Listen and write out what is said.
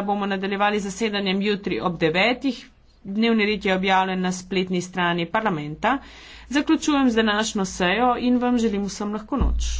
bomo nadaljevali zasedanjem jutri ob devetih. Dnevni red je objavljen na spletni strani parlamenta. Zaključujem z današnjo sejo in vam želim vsem lahko noč.